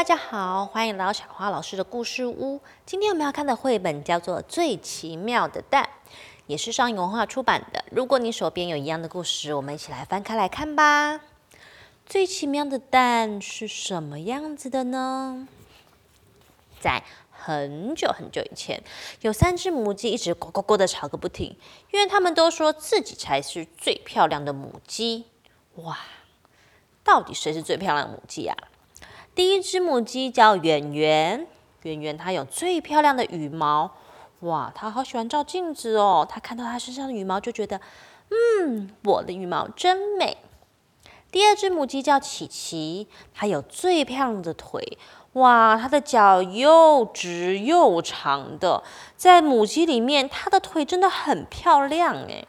大家好，歡迎來到小花老師的故事屋。今天我們要看的繪本叫做《最奇妙的蛋》，也是上誼文化出版的。如果你手邊有一樣的故事，我們一起來翻開來看吧。最奇妙的蛋是什麼樣子的呢？在很久很久以前，有三只母雞一直“咕咕咕”的吵個不停，因為他們都說自己才是最漂亮的母雞。哇，到底誰是最漂亮的母雞啊？第一隻母雞叫圓圓，圓，圓圓它有最漂亮的羽毛，哇，它好喜歡照鏡子哦。它看到它身上的羽毛就覺得，嗯，我的羽毛真美。第二隻母雞叫琪琪，它有最漂亮的腿，哇，它的腳又直又長的，在母雞裡面，它的腿真的很漂亮誒。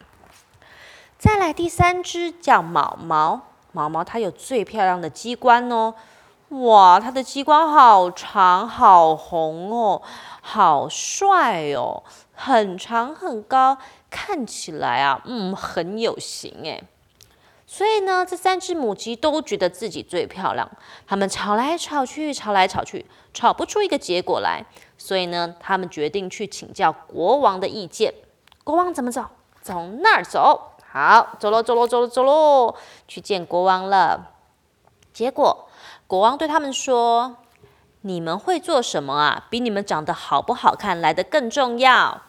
再來第三隻叫毛毛，毛毛它有最漂亮的雞冠哦。哇，它的雞冠好長，好紅哦，好帥哦，很長很高，看起來啊，嗯，很有型誒。所以呢，這三只母雞都覺得自己最漂亮，它們吵來吵去，吵來吵去，吵不出一個結果來。所以呢，它們決定去請教國王的意見。國王怎麼走？從那兒走。好，走嘍，走嘍，走嘍，走嘍，去見國王了。結果。國王對他們說：“你們會做什麼啊？比你們長得好不好看來得更重要。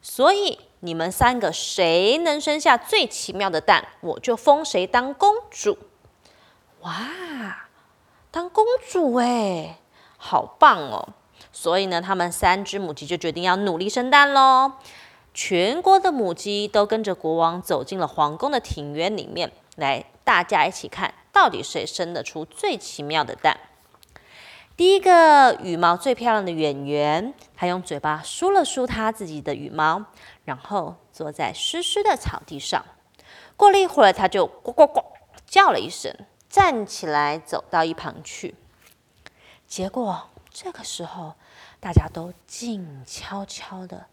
所以你們三個誰能生下最奇妙的蛋，我就封誰當公主。哇，當公主哎，好棒哦！所以呢，他們三隻母雞就決定要努力生蛋嘍。全國的母雞都跟着國王走進了皇宮的庭院裡面，來，大家一起看。”到底誰生得出最奇妙的蛋？第一個羽毛最漂亮的演員，他用嘴巴梳了梳他自己的羽毛，然後坐在濕濕的草地上。過了一會兒，他就咕咕咕叫了一聲，站起來走到一旁去。結果這個時候，大家都靜悄悄的，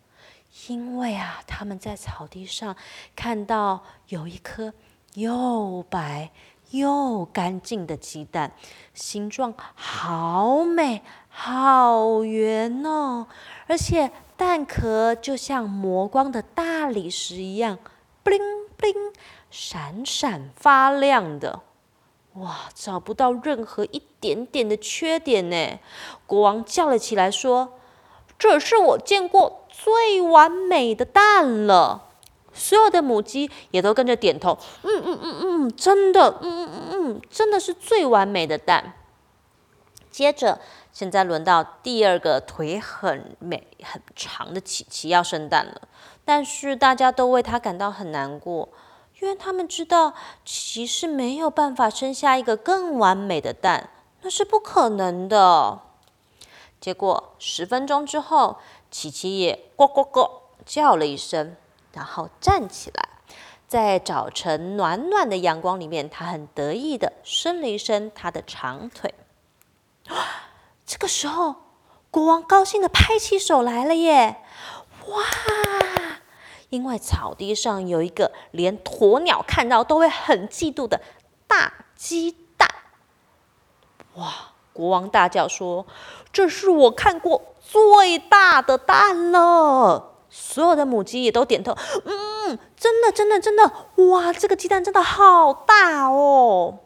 因為啊，他們在草地上看到有一顆又白。又乾淨的雞蛋，形狀好美，好圓哦！而且蛋殼就像磨光的大理石一樣，bling bling，閃閃發亮的，哇，找不到任何一點點的缺點呢！國王叫了起來，說：“這是我見過最完美的蛋了。”所有的母雞也都跟着點頭，嗯嗯嗯嗯，真的，嗯嗯嗯嗯，真的是最完美的蛋。接着，現在輪到第二個腿很美、很長的琪琪要生蛋了，但是大家都為它感到很難過，因為他們知道其實沒有辦法生下一個更完美的蛋，那是不可能的。結果十分鐘之後，琪琪也咕咕咕叫了一聲。然後站起來，在早晨暖暖的陽光裡面，他很得意的伸了一伸他的長腿。哦，這個時候，國王高興的拍起手來了耶！哇！因為草地上有一個連鴕鳥看到都會很嫉妒的大雞蛋。哇！國王大叫說：“這是我看過最大的蛋了。”所有的母雞也都點頭，嗯，真的，真的，真的，哇，這個雞蛋真的好大哦，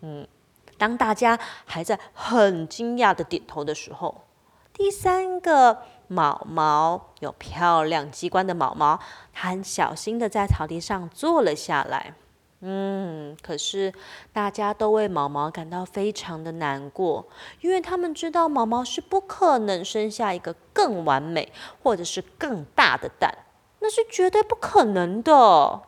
嗯。當大家還在很驚訝的點頭的時候，第三個毛毛，有漂亮雞冠的毛毛，它很小心的在草地上坐了下來。嗯，可是大家都為毛毛感到非常的難過，因為他們知道毛毛是不可能生下一個更完美或者是更大的蛋，那是絕對不可能的。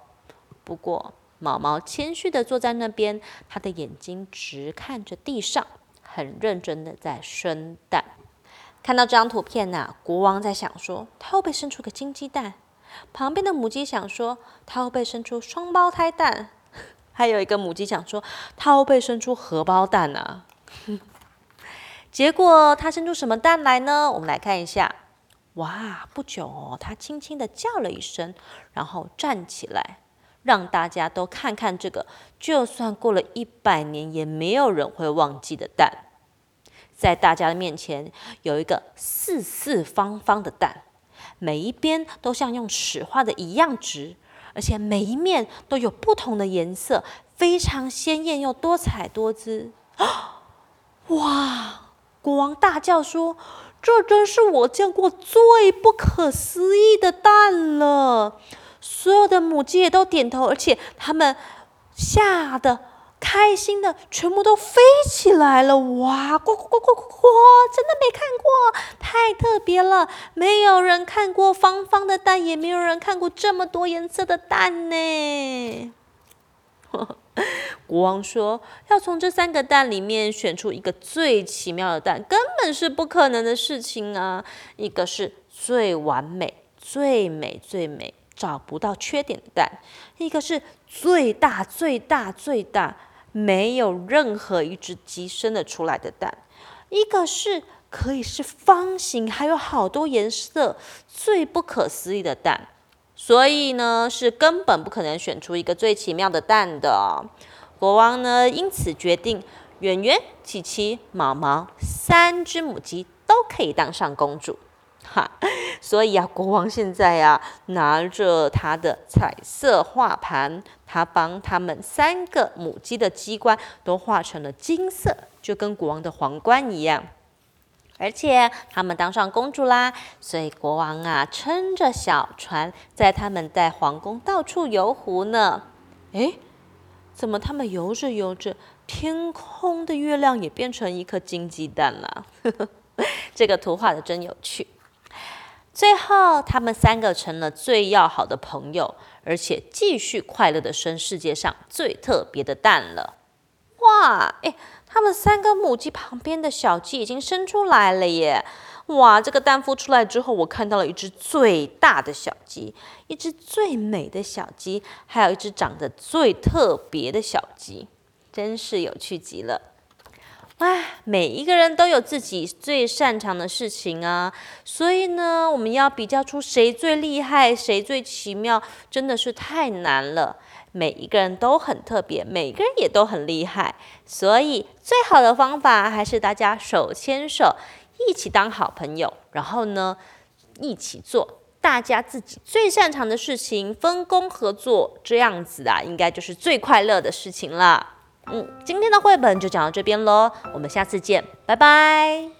不過毛毛謙虛的坐在那邊，他的眼睛直看着地上，很認真的在生蛋。看到這張圖片呢、啊，國王在想說，他會不會生出個金雞蛋；旁邊的母雞想說，他會不會生出雙胞胎蛋。還有一個母雞講說，它會不會生出荷包蛋呢、啊。結果它生出什麼蛋來呢？我們來看一下。哇，不久、哦，它輕輕地叫了一聲，然後站起來，讓大家都看看這個，就算過了一百年，也沒有人會忘記的蛋。在大家的面前，有一個四四方方的蛋，每一邊都像用尺畫的一樣直。而且每一面都有不同的顏色，非常鮮艷又多彩多姿。哇！國王大叫說：“這真是我見過最不可思議的蛋了。”所有的母雞也都點頭，而且它們嚇得。開心的，全部都飛起來了！哇，呱呱呱呱呱，真的沒看過，太特別了，沒有人看過方方的蛋，也沒有人看過這麼多顏色的蛋呢。國王說，要從這三個蛋裡面選出一個最奇妙的蛋，根本是不可能的事情啊！一個是最完美、最美、最美，找不到缺點的蛋；一個是最大、最大、最大。沒有任何一隻雞生得出來的蛋，一個是可以是方形，還有好多顏色，最不可思議的蛋，所以呢是根本不可能選出一個最奇妙的蛋的哦。國王呢因此決定，圓圓、琪琪、毛毛三隻母雞都可以當上公主。哈，所以啊，國王現在啊拿着他的彩色畫盤，他幫他們三個母雞的雞冠都畫成了金色，就跟國王的皇冠一樣。而且他們當上公主啦，所以國王啊撐着小船，在他們帶皇宮到處遊湖呢。哎，怎麼他們遊着遊着，天空的月亮也變成一顆金雞蛋了？呵呵，這個圖畫的真有趣。最後，他們三個成了最要好的朋友，而且繼續快樂地生世界上最特別的蛋了。哇，哎，他們三個母雞旁邊的小雞已經生出來了耶！哇，這個蛋孵出來之後，我看到了一隻最大的小雞，一隻最美的小雞，還有一隻長得最特別的小雞，真是有趣極了。啊，每一個人都有自己最擅長的事情啊，所以呢，我們要比較出誰最厲害、誰最奇妙，真的是太難了。每一個人都很特別，每個人也都很厲害，所以最好的方法還是大家手牽手，一起當好朋友，然後呢，一起做大家自己最擅長的事情，分工合作，這樣子啊，應該就是最快樂的事情了。嗯，今天的繪本就講到這邊嘍，我們下次見，拜拜。